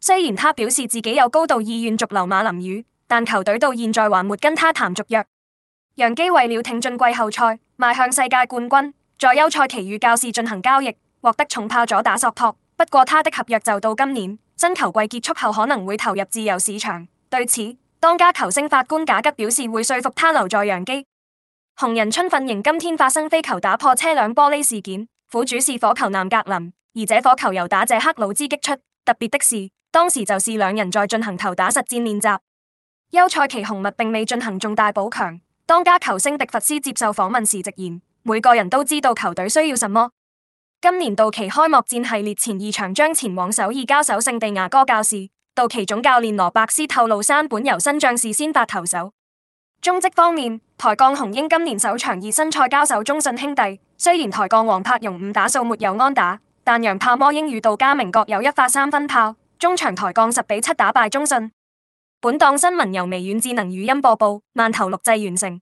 雖然他表示自己有高度意願續留馬林魚，但球隊到現在還沒跟他談續約。洋基為了挺進季後賽、邁向世界冠軍，在休賽期與教士進行交易，獲得重炮左打索托。不過他的合約就到今年，新球季結束後可能會投入自由市場。對此，當家球星法官賈吉表示會說服他留在洋基。紅人春訓營今天發生飛球打破車輛玻璃事件，苦主是火球男格林，而這火球由打者克魯茲擊出。特別的是，當時就是兩人在進行投打實戰練習。休賽期紅襪並未進行重大補強。當家球星迪弗斯接受訪問時直言：每個人都知道球隊需要什麼。今年道奇開幕戰系列前二場將前往首爾交手聖地牙哥教士。道奇總教練羅伯斯透露：山本由伸將是先發投手。中職方面，台鋼雄鷹今年首場以新賽交手中信兄弟，雖然台鋼王柏榮五打數沒有安打。但洋炮摩英語道加明各有一發三分炮，中場抬槓十比七打敗中信。本檔新聞由微軟智能語音播報，慢頭錄製完成。